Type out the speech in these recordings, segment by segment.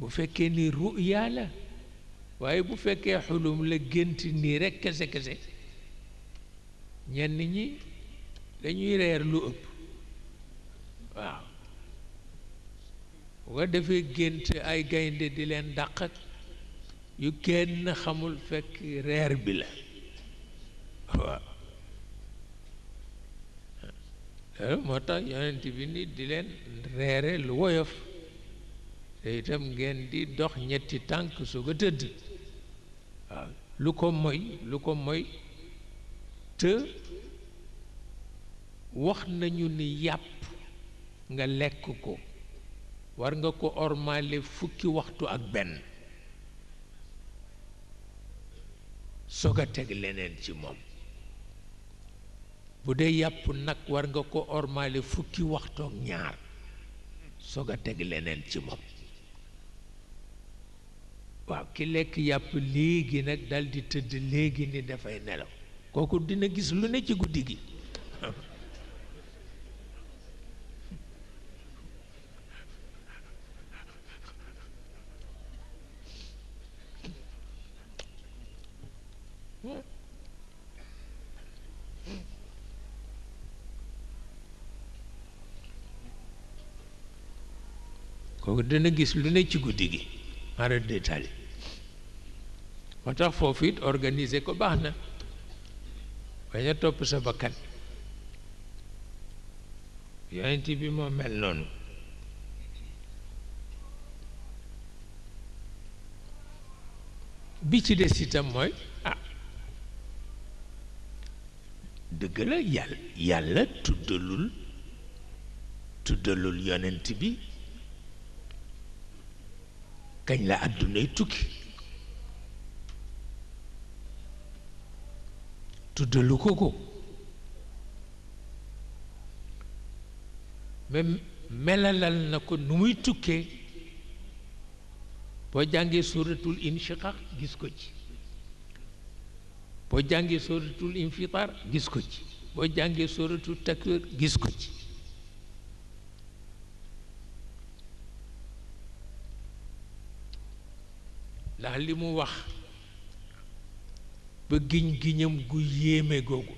bu fekkee ni ruya la waaye bu fekkee xulum la gént nii rek kese kese ñenn ñi dañuy reer lu ëpp waaw bu ko defee gént ay gaynde di leen dàq ak yu kenn xamul fekk reer bi la waaw moo tax yonent bi ni di leen reere lu woyof te itam ngeen di dox ñetti tànk soog a tëdd lu ko moy lu ko moy te wax nañu ni yàpp nga lekk ko war nga ko ormaale fukki waxtu ak benn soog a teg leneen ci moom bu dee yàpp nag war nga ko ormaale fukki waxtu ñaar soog a teg leneen ci moom waaw ki lekk yàpp léegi nag daldi tëdd léegi ni dafay nelaw kooku dina gis lu ne ci guddi gi kooku dina gis lu ci guddi gi moo tax foofu it organiser ko baax na bañ a topp sa bakkan yonent bi moo mel noonu bi ci des itam mooy a ah, dëgg la yàlla yàlla tuddalul tuddalul yonent bi kañ la àddunay tukki tudulukuku mais melalal na ko nu muy tukkee boo jàngee suratul inshiqaq gis ko ci boo jàngee suratul infitar gis ko ci boo jàngee suratul takwir gis ko ci ndax li mu wax ba giñ giñam gu yéeme googu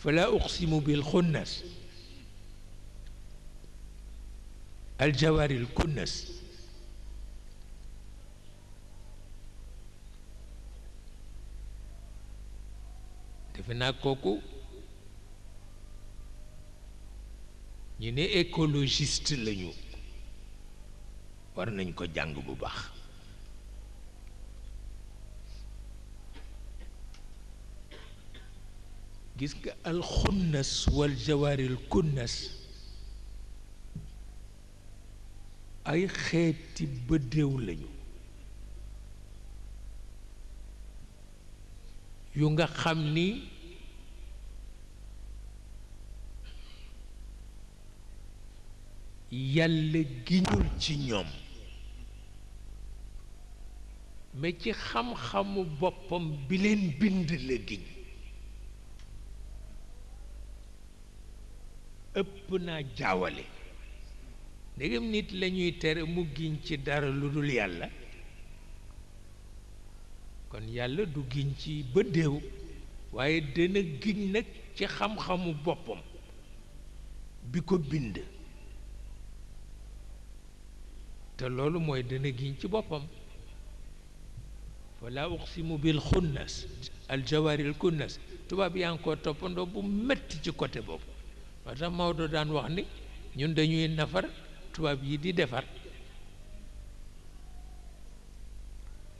fala uqsimu bil xunnas aljawaril kunnas defe naa kooku ñu ne écologiste lañu war nañ ko jàng bu baax gis nga al khunnas wal jawari al kunnas ay xeeti bëddéew lañu yu nga xam ni yàlla giñul ci ñoom mais ci xam-xamu boppam bi leen bind la giñ ëpp naa jaawale ndegam nit lañuy tere mu giñ ci dara lu dul yàlla kon yàlla du giñ ci bëddéew waaye dana giñ nag ci xam-xamu boppam bi ko bind te loolu mooy dana giñ ci boppam wala uqsimu bil xunnas al jawaaril kunnas tubaab yaa ngi koo toppandoo bu metti ci côté boobu ba tax Maodo daan wax ni ñun dañuy nafar tubaab yi di defar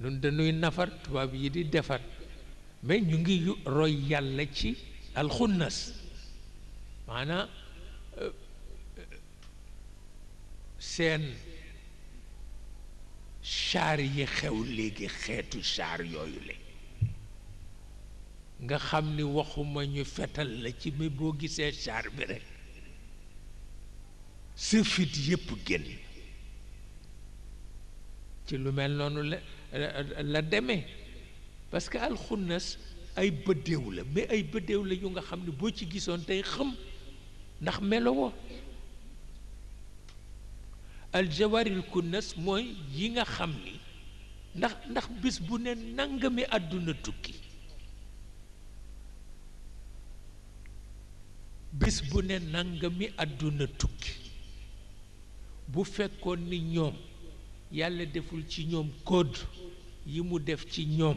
ñun nafar tubaab yi di defar mais ñu ngi roy yàlla ci alxunnas maanaam euh, euh, seen char yi xew léegi xeetu char yooyu la nga xam ni waxuma ñu fetal la ci mi boo gisee char bi rek sa fit yépp génn ci lu mel noonu la la demee parce que alxunnas ay bëddeew la mais ay bëddeew la yu nga xam ne boo ci gisoon tey xam ndax melowoo aljawaril kunnas mooy yi nga xam ni ndax ndax bis bu ne nangami àdduna tukki bis bu ne nangami àdduna tukki bu fekkoon ni ñoom yàlla deful ci ñoom code yi mu def ci ñoom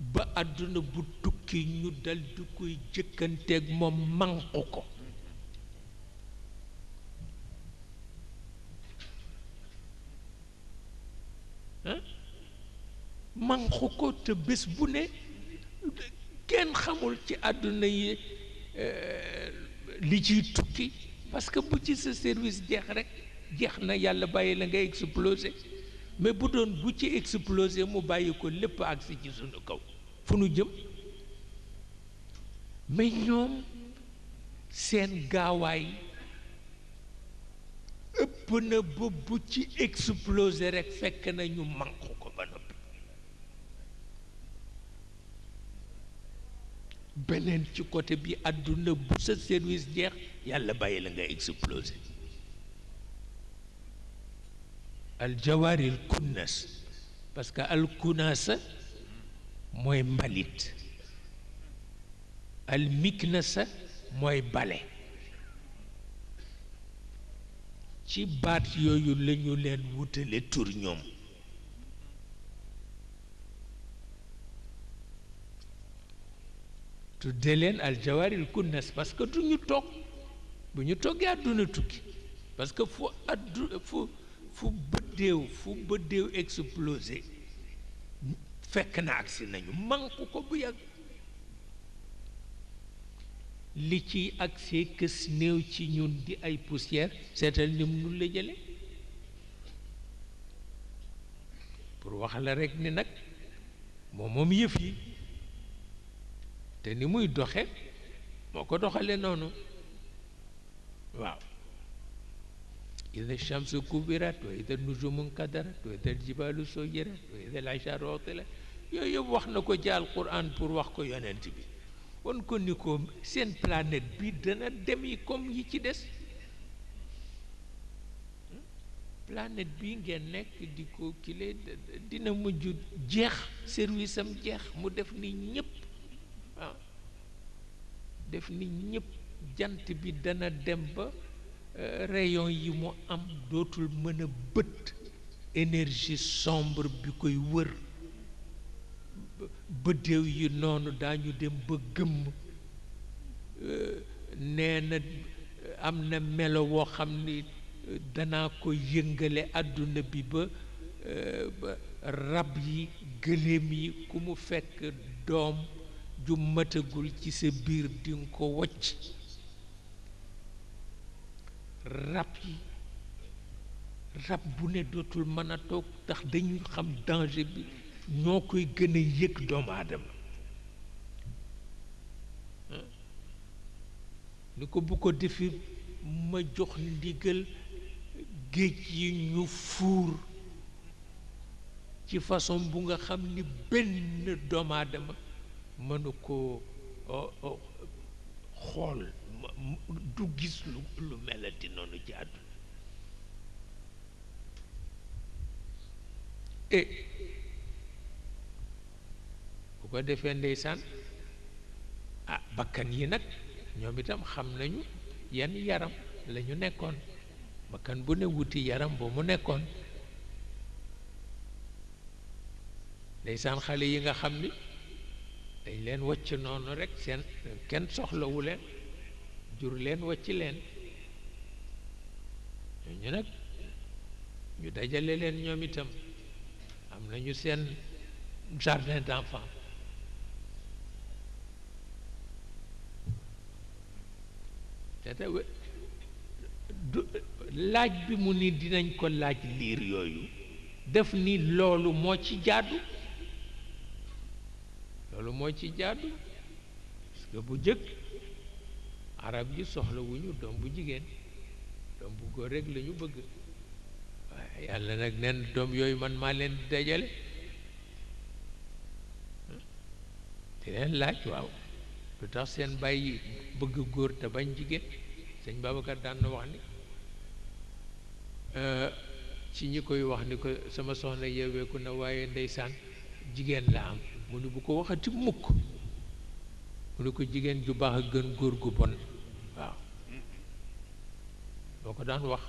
ba àdduna bu tukki ñu dal di koy jëkkanteeg moom mànq ko hein? ko te bés bu ne kenn xamul ci àdduna yi euh, li ciy tukki parce que bu ci sa service jeex rek jeex na yàlla bàyyi la nga explosé mais bu doon bu ci explosé mu bàyyi ko lépp agsi ci sunu kaw fu nu jëm mais ñoom seen gaawaay ëpp na ba bu ci explosé rekk fekk na ñu mànq ko ba noppi beneen ci côté bi àdduna bu sa service jeex yàlla bàyyi la nga explosé aljawaari alkunas parce que alkunasa mooy mbalit almiknasa mooy bale ci baat yooyu lañu leen wutale tur ñoom tudde leen aljawaaril kunnas parce que du ñu toog bu ñu toggee àdduna tukki parce que fu àddu fu bëddéew fu bëddéew explosé fekk na agsi nañu manku ko bu yàgg li ciy agsee kës néew ci ñun di ay poussière seetal ni nu la jële pour wax rekk ni nag moom moom yëf yi te ni muy doxe moo ko doxale noonu waaw إذا الشمس كبرت وإذا النجوم انكدرت wax na ko ci alquran pour wax ko yonent bi won ko ni ko seen planète bi dana dem yi comme yi ci des planète bi ngeen nekk di ko kile dina mujj jeex service am jeex mu def ni ñëpp def ni ñëpp jant bi dana dem ba rayon yi mu am dootul mën a bët énergie sombre bi koy wër bëddéew yi noonu daañu dem ba gëmm euh, nee na euh, am na melo woo xam ni euh, danaa ko yëngale àdduna bi ba rab yi gëléem yi ku mu fekk doom ju matagul ci sa biir di ko wocc rab yi rab bu ne dootul mën a toog tax dañuy xam danger bi ñoo koy gën a yëg doomu ni ko bu ko defee ma jox ndigal géej yi ñu fuur ci façon bu nga xam ni benn doomaadama aadama mënu ko oh, oh, xool du gis lu lu melati nonu ci àdduna e ko ko defé ndeysaan ah bakkan yi nak ñom itam xam nañu yan yaram lañu nekkon bakkan bu ne wuti yaram bo mu nekkon ndeysaan xali yi nga xamni dañ leen wacc nonu rek ken soxla wu leen jur leen wacc leen ñooñu nag ñu dajale leen ñoom itam am na ñu seen jardin d'enfant te du laaj bi mu ni dinañ ko laaj liir yooyu def ni loolu moo ci jaadu loolu moo ci jaadu parce bu jëkk arab yi soxlawuñu doom bu jigéen doom bu góor rekk lañu bëgg waaye yàlla nag neen doom yooyu man maa leen di dajale di leen laaj waaw lu tax seen bàyyi bëgg góor te bañ jigéen sëñ Babacar daan na wax ni euh, ci ñi koy wax ni ko sama soxna yeeweeku na waaye ndeysaan jigéen la am mu ni bu ko waxati mukk mu ni ko jigéen ju baax a gën góor gu bon boo ko daan wax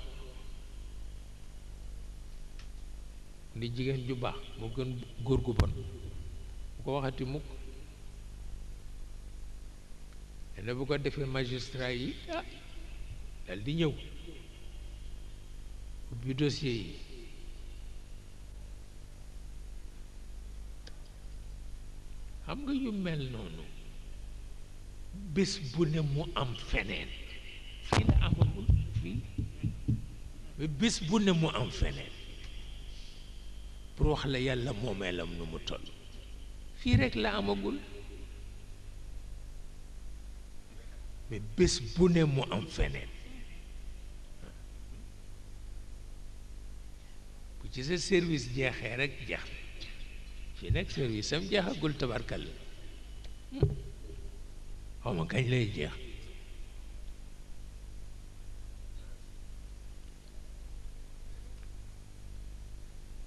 ni jigéen ju baax moo gën góor gu bon bu ko waxati mukk ne bu ko defee magistrat yi ah dal di ñëw ubbi yi xam nga yu mel noonu bés bu ne mu am feneen fi la am bis bu ne mu am feneen pour wax la yàlla moomeelam nu mu toll fii rek la amagul mais bis bu ne mu am feneen bu ci sa service jeexee rek jeex fii nag service am jeexagul tabarkal la xaw ma kañ lay jeex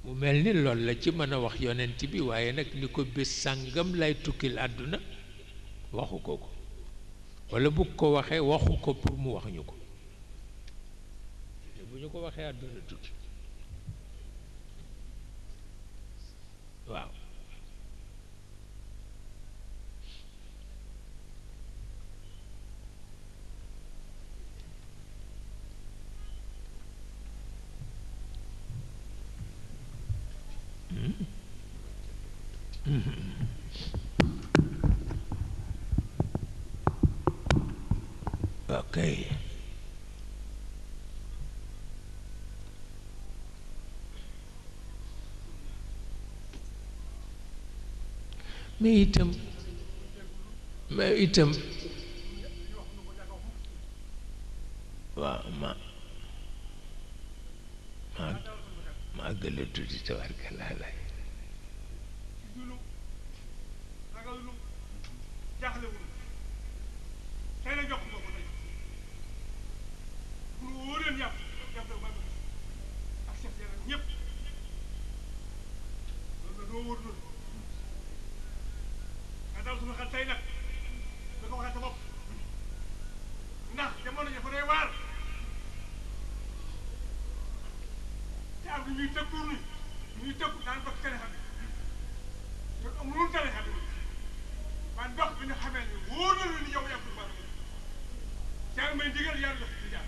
mu mel ni loolu la ci mën a wax yonent bi waaye nag ni ko bés sàngam lay tukkil àdduna waxu ko ko walla bu ko waxee waxu ko pour mu wax ñu ko bu ñu ko waxee àdduna tukki waaw ok mais itam mais itam waaw ma ma maa gën a tuuti tawarka laa tiitulu ragalu jaaxlewul tey na jox nga ko tey bu wóoreen yàpp yàpp ba ko ni tëkku daan ba keneen mënul tane xel man dox bi nga xamee ni wóor na ni yow yàggul baax jaar may digal yàlla la fi jaar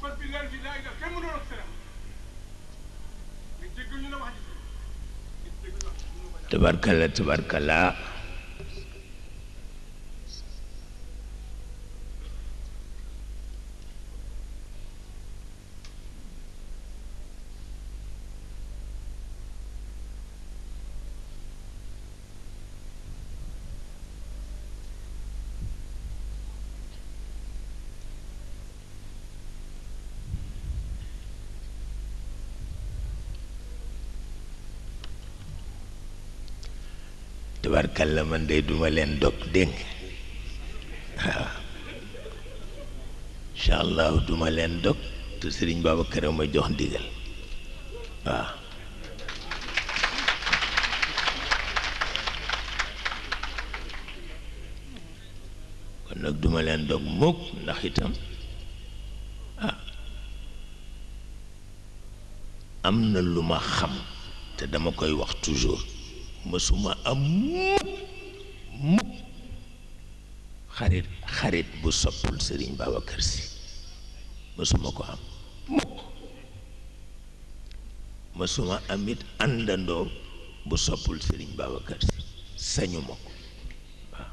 kon bi leer bi laa ilaha kenn mënul ak salaam nga jéggal ñu la wax ji tabarkala tabarkala tubarkal la man day duma leen dog dénk waaw incha allah duma leen dog te sëriñ Babacar ma jox ndigal waaw kon nag duma leen dog mukk ndax itam ah am na lu ma xam te dama koy wax toujours mësuma am mukk mukk xarit xarit bu soppul sëriñ Babacar Si mësuma ko am mukk mësuma am it àndandoo bu soppul sëriñ Babacar Si sañu ko waaw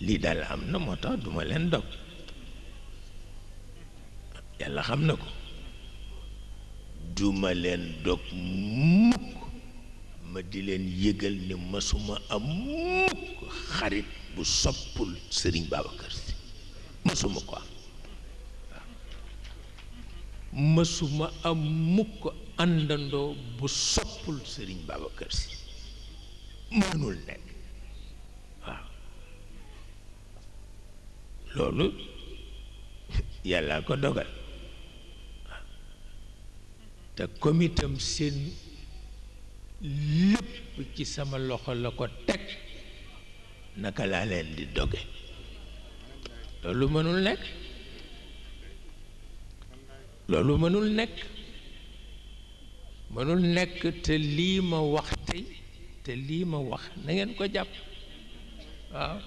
lii daal am na moo tax duma leen dog yàlla xam na ko duma leen dog mukk ma di leen yëgal ne masuma am mukk xarit bu soppul sëriñ Babacar Si masuma ko am masuma am mukk àndandoo bu soppul sëriñ Babacar Si mënul nekk waaw loolu yàlla ko dogal te komitam seen lépp ci sama loxo la ko teg naka laa leen di doge loolu mënul nekk loolu mënul nekk mënul nekk te lii ma wax tey te lii ma wax na ko jàpp waaw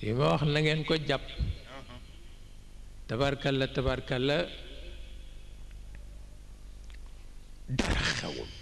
lii ma wax na ko jàpp uh-huh. tabarkalla tabarkalla xewul